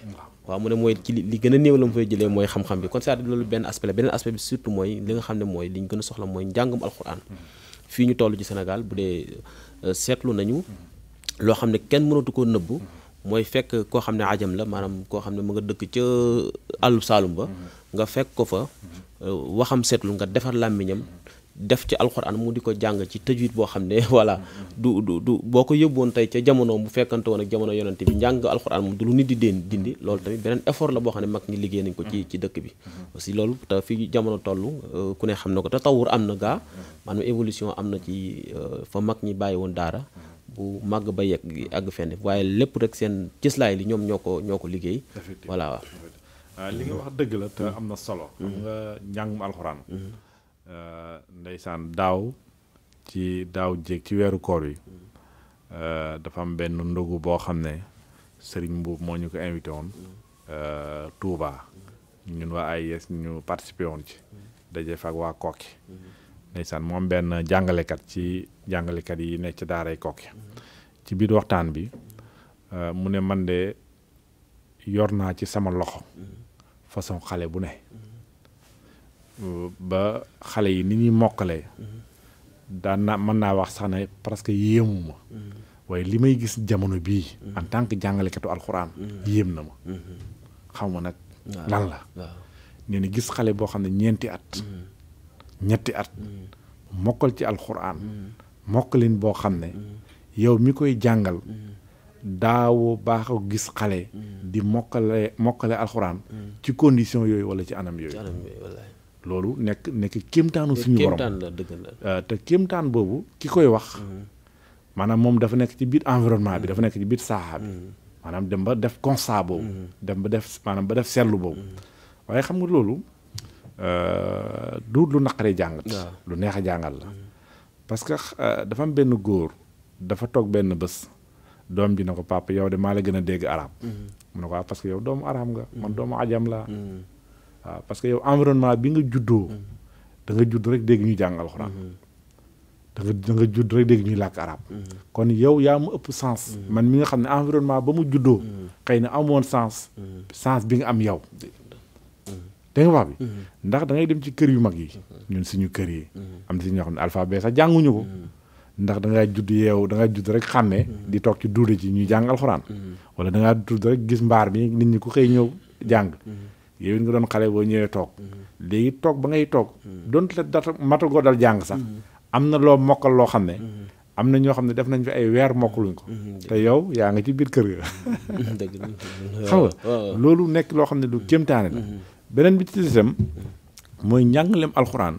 waaw mu ne mooy ci li gën a néew la mu fay jëlee mooy xam-xam bi kon c'est loolu benn aspect la beneen aspect bi surtout mooy li nga xam ne mooy li ñu a soxla mooy njàngum fii ñu toll ci Sénégal bu dee euh, seetlu nañu loo xam ne kenn mënatu koo nëbbu mooy fekk koo xam ne ajam la maanaam koo xam ne mu nga dëkk ca euh, àllu Saalum ba nga fekk ko fa euh, waxam seetlu nga defar làmmiñam def ci alxuraan mu di ko jàng ci tajwid boo xam ne <laughs> voilà du du du boo ko yóbboon tey ca jamono bu fekkante woon ak jamono yonante bi njàng alxuraan lu nit di deen dindi loolu tamit beneen effort la boo xam ne mag ñi liggéey ko ci ci dëkk bi aussi loolu te fi jamono toll euh, ku ne xam na ko tatawur am na gaa maanaam évolution am na ci euh, fa mag ñi bàyyi woon daara bu màgg ba yegg àgg fenn waaye lépp rek seen cëslaay li ñoom ñoo ko ñoo ko liggéey voilà euh, li nga wax dëgg la hmm. am na solo xam njàngum alxuraan hmm. Euh, ndeysaan daaw ci daaw jéeg ci weeru koor yi euh, dafa am benn ndogu boo xam ne Serigne Mbuub moo ñu ko invité woon euh, Touba ñun waa AIS ñu participé woon ci daje fa waa Kokki ndeysaan moom benn jàngalekat ci jàngalekat yi nekk ci daaray Kokki ci biir waxtaan bi mu ne man de yor naa ci sama loxo façon xale bu ne ba xale yi ni ñuy mokkalee daan naa mën naa wax sax parce que yéemu ma waaye li may gis jamono bii en tant que jàngalekatu alxuraan yéem na ma xaw ma nag lan la nee gis xale boo xam ne ñeenti at ñetti at mokkal ci alxuraan mokkalin boo xam ne yow mi koy jàngal daawu baax a gis xale di mokkale mokkale alxuraan ci condition yooyu wala ci anam yooyu loolu nekk nekk kéemtaanu suñu borom euh, te kéemtaan boobu ki koy wax mm-hmm. maanaam moom dafa nekk ci biir environnement bi dafa nekk ci biir saaxa bi mm-hmm. maanaam dem ba def constat boobu mm-hmm. dem ba def maanaam ba def seetlu boobu waaye xam nga loolu euh, du lu naqaree jàngat lu neex a jàngal la parce que euh, dafa am benn góor dafa toog benn bés doom ji na ko papa yow de maa la gën a dégg arab mu ne ko ah parce que doomu arab nga man doomu ajam laa waaw parce que yow environnement bi nga juddoo. Mm-hmm. da nga judd rek dégg ñuy jàng alxuraan. Mm-hmm. da judd rek dégg ñuy làkk arab mm-hmm. kon yow yaa ma ëpp sens. man mi nga xam ne environnement ba mu juddoo. xëy na amoon sens. sens bi nga am yow. dégg nga bi. ndax da ngay dem ci kër yu mag yi. ñun suñu kër yi. am na si ñoo xam ne alphabet sax jànguñu ko. ndax da judd yeew da ngaa judd rek xàmmee. di toog ci duude ci ñuy jàng alxuraan. wala da ngaa judd rek gis mbaar bi nit ñi ku xëy ñëw jàng. yow it nga doon xale boo ñëwee toog léegi toog ba ngay toog donte la data matagoo dal jàng sax am na loo mokkal loo xam ne am na ñoo xam ne def nañ fi ay weer mokkuluñ ko te yow yaa nga ci biir kër ga <laughs> xam loolu nekk loo xam ne du kéemtaane la beneen bi ci itam mooy njàngalem alxuraan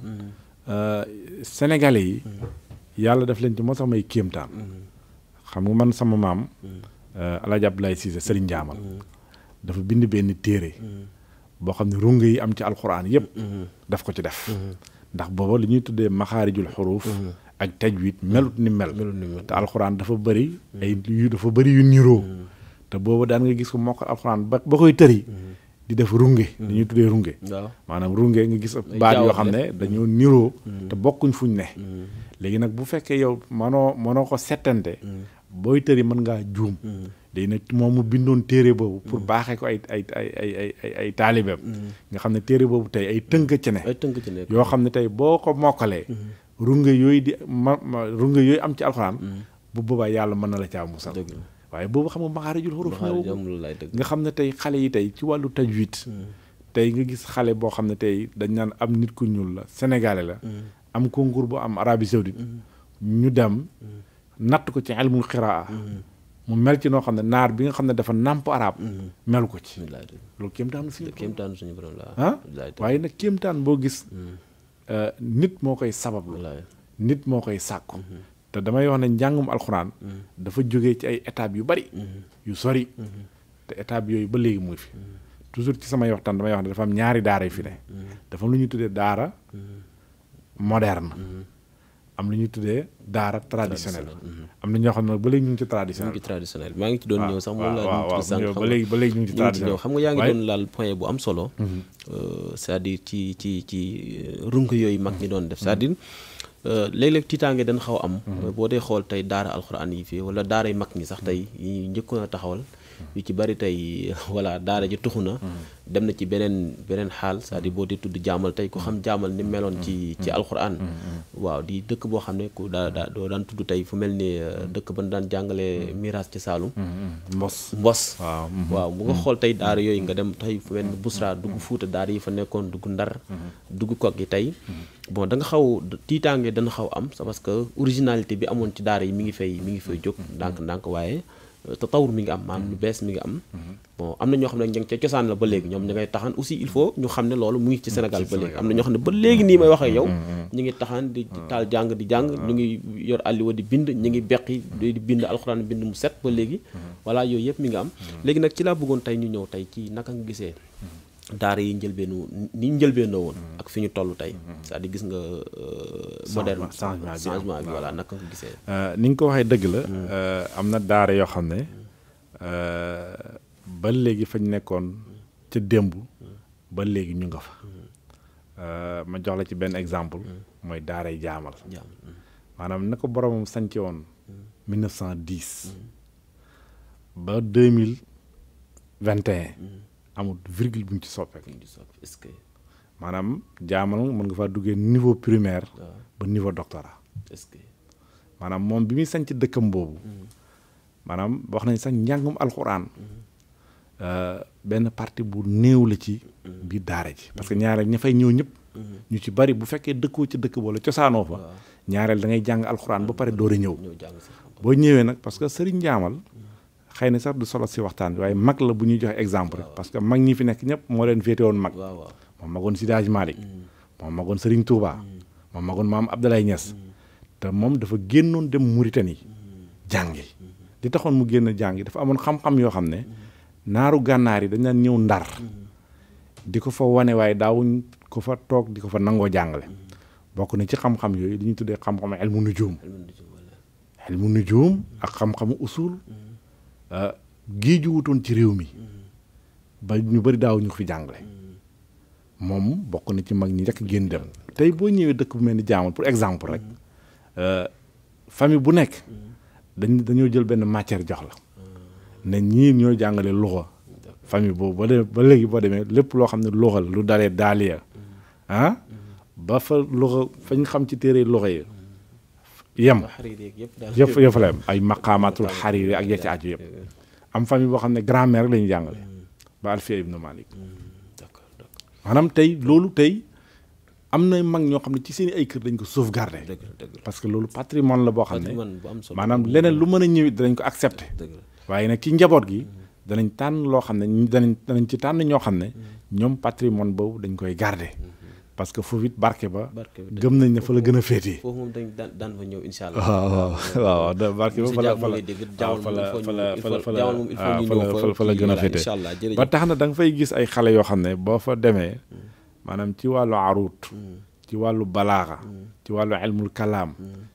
euh, sénégalais yi yàlla def leen ci moo sax may kéemtaan xam nga man sama maam mm. El euh, Hadj Abdoulaye Cissé Serigne mm. dafa bind benn téere mm. boo xam ne runge yi am ci alxuraan yëpp. Mm-hmm. daf ko ci def. Mm-hmm. ndax booba li ñuy tuddee maxaarijul xuruuf. Mm-hmm. ak tajwid melut ni mel. te alxuraan dafa bëri. ay yu dafa bëri yu niiroo. te booba daan nga gis ko mokkal alxuraan ba ba tër tëri. di def runge li ñuy tuddee runge maanaam runge nga gis baat yoo xam ne dañoo niroo te bokkuñ fuñ ne léegi nag bu fekkee yow manoo manoo ko settante booy tëri mën ngaa juum lii nag moom mu bindoon téere boobu pour mm. baaxee ko ay ay ay ay ay ay taalibeem mm. nga xam ne téere boobu tey ay tënk ci ne yoo xam ne tey boo ko mokkalee mm. runge yooyu di ma runga yooyu am ci alxuraan bu boobaa yàlla mën na la caa musal waaye boobu xam nga maxaarijul xuruf nga xam ne tey xale yi tey ci wàllu tajwid tey nga gis xale boo xam ne tey dañ naan am nit ku ñuul la sénégalais la am concours bu am Arabie Saoudite ñu dem natt ko ci ilmul xiraa mu mel ci noo xam ne naar bi nga xam ne dafa nàmp arab mm-hmm. melu ko ci loolu kéemtaanu suñu kéemtaanu suñu borom la ah? waaye nag kéemtaan boo gis mm-hmm. euh, nit moo koy sabablu nit moo koy sàkku mm-hmm. te damay wax ne njàngum alxuraan dafa jóge ci ay étapes yu bari yu sori te étapes yooyu ba léegi mu fi toujours ci samay waxtaan damay wax ne dafa am ñaari daara yu fi ne dafa lu ñuy tuddee daara moderne am lu ñuy tuddee daara traditionnel mhm. am na ñoo xam ne ba léegi ñu ngi ci traditionnel ñu maa ngi ci doon ñëw sax moom laa ñu ci traditionnel xam nga yaa ngi doon laal point bu am solo mhm. euh, c'est-à-dire ci ci ci euh, runk yooyu mag ñi doon def mhm. c'est-à-dire euh, léeg-léeg tiitaange dañ xaw am boo dee xool tey daara alxuraan yi fii wala daara yu mag ñi sax tey yi njëkkoon a taxawal yu ci bari tey <laughs> voilà daara ji tuxu na dem na ci beneen beneen xaal cest à boo di tudd jaamal tey ku xam jaamal ni meloon ci ci alxuraan mm, mm, mm, waaw di dëkk boo xam ne ku daa daa daan tudd tey fu mel ni euh, dëkk ba daan jàngale miraas ci Saalum mbos mbos waaw bu nga xool tey daara yooyu nga dem tey fu mel ni Busra dugg Fuuta daara yi fa nekkoon dugg Ndar dugg kog yi tey bon da xaw tiitaange dana xaw am parce que originalité bi amoon ci daara yi mi ngi fay mi ngi fay jóg ndànk ndànk waaye tatawur mi ngi am maanaam lu bees mi ngi am bon am na ñoo xam ne ña ngi cosaan la ba léegi ñoom ña taxaan aussi il faut ñu xam ne loolu mu ngi ci Sénégal ba léegi am na ñoo xam ne ba léegi nii may wax ak yow ñu ngi taxaan di mm-hmm. taal jàng di jàng ñu ngi yor àlliwa di bind ñu ngi beqi di bind alxuraan bind mu set ba léegi mm-hmm. voilà yooyu yëpp mi ngi am mm-hmm. léegi nag ci laa bëggoon tey ñu ñëw tey ci naka nga gisee daara yi njëlbeenu ni ñu njëlbeenoo woon. Mm-hmm. ak fi ñu toll tey. Mm-hmm. cest à gis nga. Euh, moderne changement bi voilà naka nga gisee. Euh, ni nga ko waxee dëgg la. Mm. Euh, am na daara yoo xam ne ba léegi fañ nekkoon ca démb ba léegi ñu nga fa. Mm. ma jox la ci benn exemple. Mm. mooy daaray jaamal. maanaam na ko boromam sànci woon. 1910. ba 2021. amul virgule bu mu ci soppeeku. est-ce que. maanaam jaamal mën nga faa duggee niveau primaire. Ah. ba niveau doctorat. est-ce que. maanaam moom bi muy sañ ci dëkkam boobu. Hmm. maanaam wax nañ sax njàngum alxuraan. Hmm. Euh, benn partie bu néew la ci. Hmm. biir daara ji parce que ñaareel ña fay ñëw ñëpp. ñu ci bari bu fekkee dëkkoo ci dëkk boole cosaanoo fa. Ah. ñaareel da ngay jàng alxuraan ba pare ah, door a ñëw. boo ñëwee nag parce que sëriñ jaamal xëy na sax du solo si waxtaan bi waaye mag la bu ñuy joxe exemple parce que mag ñi fi nekk ñëpp moo leen féete woon mag moom magoon Seydi Hadji mm. moo moom magoon Serigne Touba mm. moo magoon maam Abdoulaye Niass mm. te moom dafa génnoon dem Mauritanie jàngi mm-hmm. li taxoon mu génn jàngi dafa amoon xam-xam yoo xam ne mm-hmm. naaru gànnaar yi dañ daan ñëw ndar mm-hmm. di ko fa wane waaye daawuñ ko fa toog di ko fa nangoo jàngale bokk na ci xam-xam yooyu li ñuy tuddee xam-xam elmu nujum elmu nujum ak xam-xamu usul Euh, gii ju wutoon ci réew mi ba ñu bëri daaw ñu fi jàngale moom bokk na ci mag ñi njëkk génn dem tey boo ñëwee dëkk bu mel ni jaamal pour exemple rek euh, famille bu nekk dañ dañoo jël benn matière jox la ne ñii ñoo jàngale luxa famille boobu ba de ba léegi boo demee lépp loo xam ne luxa lu dalee daaliya ah ba fa luxa fañ xam ci téere luxa yi yem yëf yëf la yem ay maqaamaatul xariri ak ya ci aju yëpp am famille boo xam ne grammaire rek la ñu jàngale mm. ba Alfiya ibnu Malik mm. maanaam tey loolu tey am na mag ñoo xam ne ci seen ay kër dañ ko sauvegarder parce que loolu patrimoine la boo xam ne maanaam leneen lu mën a ñëwit danañ ko accepter waaye nag ci njaboot gi mm. danañ tànn loo xam ne danañ danañ ci tànn ñoo xam ne ñoom patrimoine boobu dañ koy garder mm-hmm. parce que foofu it barke ba. gëm nañ ne fa la gën a féetee. foofu moom dañ daan ñëw incha allah. Ah, waaw waaw waaw barke ba fa la fa la fa la fa la fa la ba tax na da nga fay gis ay xale yoo xam ne boo fa demee mm. maanaam ci wàllu aruut. Mm. ci wàllu balaaxa. Mm. ci wàllu ilmul kalaam.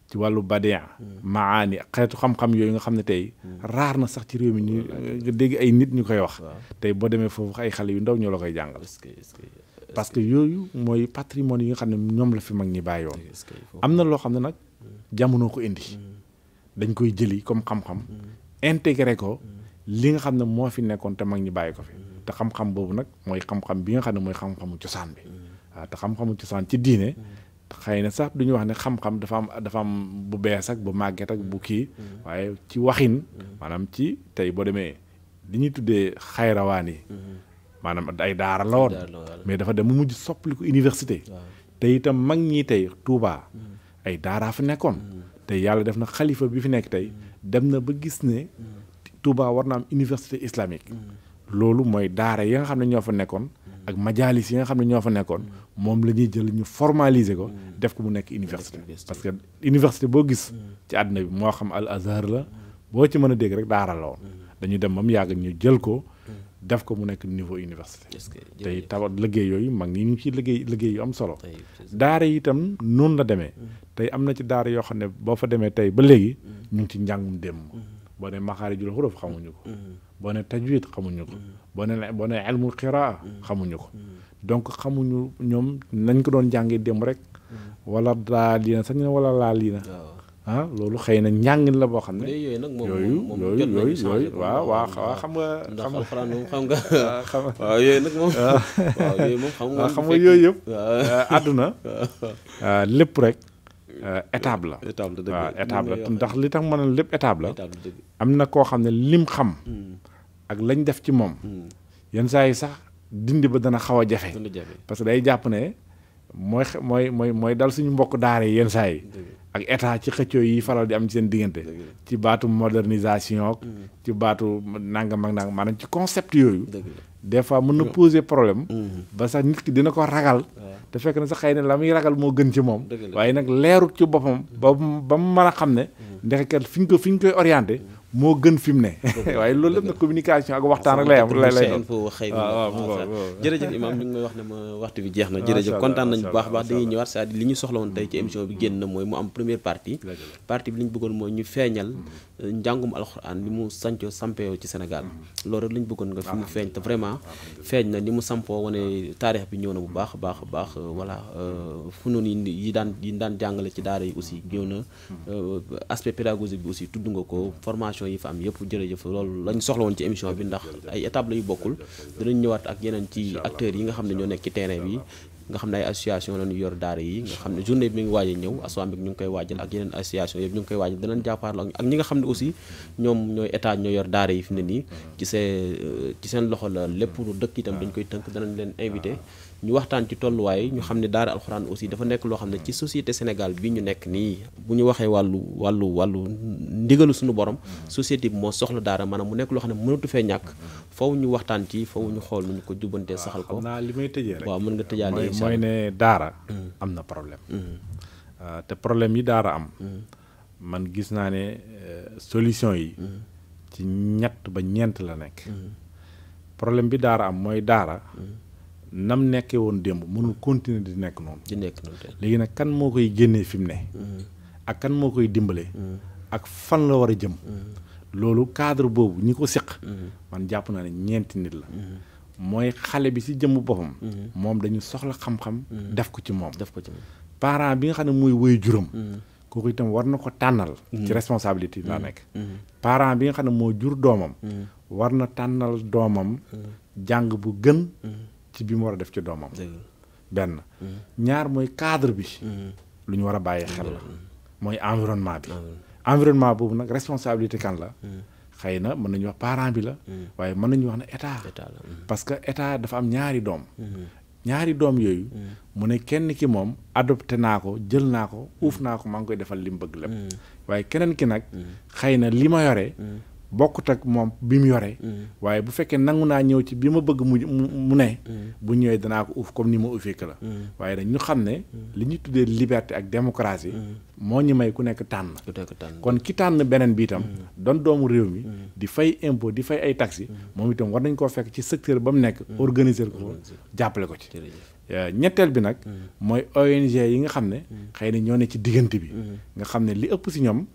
ci wàllu badia maani xeetu xam-xam yooyu nga xam ne tey raar na sax ci réew mi ñu dégg ay nit ñu koy wax tey boo demee foofu ay xale yu ndaw ñoo la koy jàngal parce que yooyu mooy patrimoine yi nga xam ne ñoom la fi mag ñi bàyyi woon am na loo xam ne nag jamono ko indi mm. dañ koy jëli comme xam-xam mm. intégré ko mm. li nga xam ne moo fi nekkoon te mag ñi bàyyi ko fi te xam-xam boobu nag mooy xam-xam bi nga xam ne mooy xam-xamu cosaan bi waaw te xam-xamu cosaan ci diine xëy na sax du ñu wax ne xam-xam dafa am dafa am bu bees ak bu màgget ak bu kii waaye ci waxin maanaam ci tey boo demee li ñuy tuddee xayrawaan yi maanaam ay daara la woon mais dafa dem mu mujj ko université te itam mag ñi tey Touba mm. ay daaraa fi nekkoon mm. te yàlla def na xalifa bi fi nekk tey mm. dem na ba gis ne Touba war na am université islamique loolu mooy daara yi nga xam ne ñoo fa nekkoon ak majaalis yi nga xam ne ñoo fa nekkoon moom la ñuy jël ñu formaliser ko def ko mu nekk université parce que université boo gis ci àdduna bi moo xam al azhar la boo ci mën a dégg rek daara la woon dañu dem ba mu yàgg ñu jël ko def ko mu nekk niveau université tey tabat liggéey yooyu mag ñi ñu ci liggéey liggéey yu am solo daara yi itam noonu la demee mm-hmm. tey am na ci daar yoo xam ne boo fa demee tey ba léegi mm-hmm. ñu ngi ci njàngum démb mm-hmm. boo ne maxaari jul xuruf xamuñu ko boo ne tajwid xamuñu ko boo ne boo ne elmul xiraa xamuñu ko donc xamuñu ñoom nañ ko doon jàngee démb rek wala daa lii na sax ñu ne wala laa lii na oh. ah loolu xëy na njàngin la boo xam ne. yooyu yooyu yooyu yooyu waaw waaw xam nga. xam nga xam nga <laughs> ah, xam nga. yooyu <laughs> ah. xam nga. Ah, yooyu yëpp. àdduna <laughs> lépp rek. étape la étape la waaw étape ndax li tax ma ne lépp étape la. am na koo xam ne lim xam. Hmm. ak lañ def ci moom. Hmm. yenn saa yi sax dindi ba dana xaw a jafe. parce que day jàpp ne mooy mooy mooy mooy dal suñu mbokk daara yi yenn saa yi. ak état ci xëccoo yi faral di am ci seen diggante ci baatu modernisation mm-hmm. ci baatu nangam ak nangam maanaam ci concept yooyu des fois mën na poser problème mm-hmm. ba sax nit ki dina ko ragal te fekk na sax xëy na la muy ragal moo gën ci moom waaye nag leerut ci boppam ba ba mu mën a xam ne mm-hmm. ndeke kat fi ñu ko fi ñu koy orienté moo gën fi mu ne. <laughs> waaye loolu lépp nag communication ak waxtaan rek lay am. lay lay doon waaw ah, waaw ah, jërëjëf Imaam ñu ngi may wax ne ma waxtu bi jeex na. jërëjëf kontaan nañu bu baax baax dañuy ñëwaat cest à li ñu soxla woon tey ci émission bi génn na mooy mu am première partie. partie bi li ñu bëggoon mooy ñu feeñal mm-hmm. euh, njàngum alxuraan li mu sancoo sampeyoo ci Sénégal. Mm-hmm. loolu rek bëggoon nga fi feeñ te vraiment feeñ na ni mu sampoo wane taarix bi ñëw na bu baax baax baax euh, voilà euh, funoon yi daan yi daan jàngale ci daara yi aussi ñëw na mm-hmm. aspect pédagogique bi aussi tudd nga ko formation réaction yi fa am yëpp jërëjëf loolu lañ soxla woon ci émission bi ndax ay étape la yu bokkul dinañ ñëwaat ak yeneen ci acteur yi nga xam ne ñoo nekk ci terrain bi nga xam ne ay association lañu yor daara yi nga xam ne journée bi a ñëw assemblée ñu ngi koy waajal ak yeneen association yëpp ñu ngi koy waajal dinañ nga xam ne aussi ñoom ñooy état ñoo yor daara yi fi ne nii ci seen ci seen loxo la lépp lu dëkk itam dañ koy tënk danañ leen invité ñu waxtaan ci tolluwaay ñu xam ne daara alxuraan aussi dafa nekk loo xam ne ci société Sénégal bi ñu nekk nii bu ñu waxee wàllu wàllu wàllu ndigalu suñu borom société bi moo soxla daara maanaam mu nekk loo xam ne mënatu fee ñàkk fow ñu waxtaan ci fow ñu xool nu ñu ko jubbantee saxal ko li may tëjee rek waaw mën nga tëjaale mooy ne daara hmm. am na problème hmm. euh, te problème yi daara am hmm. man gis naa ne euh, solution yi ci ñett ba ñeent la nekk problème bi daara am mooy daara nam nekkee woon démb mënul continuer di nekk noonu. di nekk léegi nag kan moo koy génnee fi mu ne. Mm-hmm. ak kan moo koy dimbale. Mm-hmm. ak fan la war a jëm. Mm-hmm. loolu cadre boobu ñi ko siq man jàpp naa ne ñeenti nit la. mooy xale bi si jëmm boppam. moom dañu soxla xam-xam. def ko ci moom def ko ci parent bi nga xam ne mooy wëy juróom. kooku itam war na ko tànnal. ci responsabilité laa nekk. parent bi nga xam ne moo jur doomam. war na tànnal doomam. jàng bu gën. ci bi mu war a def ci doomam. benn. Mm-hmm. ñaar mooy cadre bi. Mm-hmm. lu ñu war a bàyyi xel la. Mm-hmm. mooy environnement bi. environnement boobu nag responsabilité kan la. xëy na mën nañu wax parent bi la. waaye mën nañu wax ne état. parce que état dafa am ñaari doom. ñaari doom yooyu. mu ne kenn ki moom adopté naa ko jël naa ko uuf naa ko maa ngi koy defal li mu bëgg lépp. waaye keneen ki nag. xëy na li ma yore. bokkut ak moom bi mu yore. Mm. waaye bu fekkee nangu naa ñëw ci bi ma bëgg mu mu ne. Mm. bu ñëwee danaa ko uuf comme ni ma uufee la. Mm. waaye ñu xam ne. li ñu tuddee liberté ak démocratie. moo ñu may ku nekk tànn. kon ki tànn beneen bi itam. doon doomu réew mi. di fay impôt di fay ay taxes. moom itam war nañ koo fekk ci secteur ba mu nekk. organiser ko jàppale ko ci. Euh, ñetteel bi nag mooy ONG yi nga xam ne xëy na ñoo ne ci diggante bi nga xam ne li ëpp si ñoom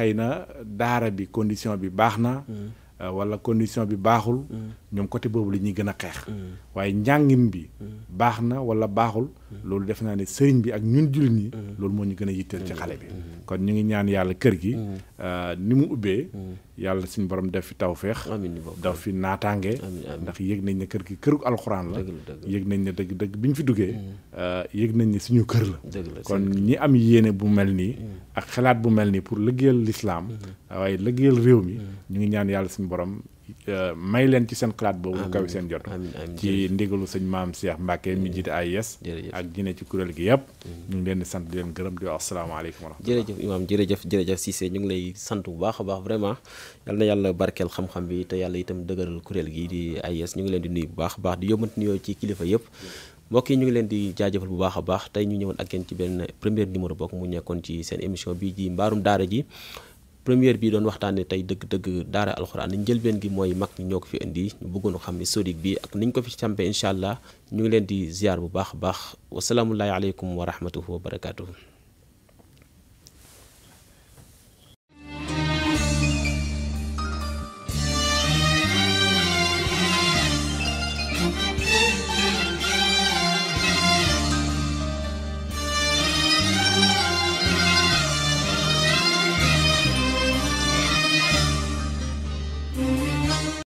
xëy na daara bi condition bi baax na mm. euh, wala condition bi baaxul mm. ñoom côté boobu la ñuy gën a xeex mm. waaye njàngin bi baax na wala baaxul loolu def naa ne sëriñ bi ak ñun jullit ñi loolu moo ñu gën a yitteel ci xale bi kon ñu ngi ñaan yàlla kër gi. Mm-hmm. Euh, ni mu ubbee. Mm-hmm. yàlla suñu borom def fi tawféex. daf fi naataange. ndax yëg nañ ne kër gi këru alxuraan la. yëg nañ ne dëgg dëgg bi ñu fi duggee. Mm-hmm. Euh, yëg nañ ne suñu kër la. kon ñi am yéene bu mel nii. ak xalaat bu mel nii pour liggéeyal lislaam waaye liggéeyal réew mi. ñu ngi ñaan yàlla suñu borom. Euh, may leen ci seen xalaat boobu kaw seen jot ci ndigalu sëñ maam Cheikh Mbacke mi jiite AIS ak jine ci kuréel gi yëpp ñu ngi leen di sant di gërëm di wax asalaamaaleykum wa jërëjëf imaam jërëjëf jërëjëf Cissé ñu ngi lay sant bu baax a baax vraiment yal na yàlla barkeel xam-xam bi te yàlla itam dëgëral kuréel gi di AIS ñu ngi leen di nuy bu baax baax di yóbbante nuyoo ci kilifa yëpp mbokk yi ñu ngi leen di jaajëfal bu baax a baax tey ñu ñëwoon ak yéen ci benn première numéro bokk mu nekkoon ci seen émission bii ji mbaarum daara ji première bi doon waxtaanee tey dëgg-dëgg daara alxuraan njëlbeen gi mooy mag ñi ñoo ko fi indi ñu bëggoon xam historique bi ak niñ ko fi campee incha allah ñu ngi leen di ziar bu baax a baax wasalaamullahi aleykum wa rahmatuhu wa barakatuhu